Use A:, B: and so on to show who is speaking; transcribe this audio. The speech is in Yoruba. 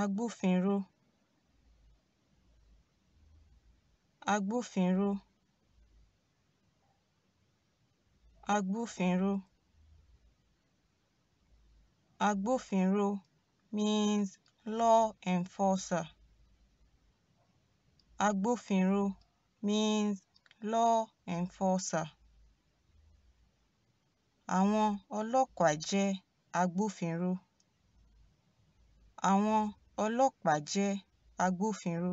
A: agbófinró agbófinró agbófinró agbófinró means law enforcer agbófinró means law enforcer àwọn ọlọ́pàá jẹ́ agbófinró àwọn ọlọ́pàá jẹ́ agbófinró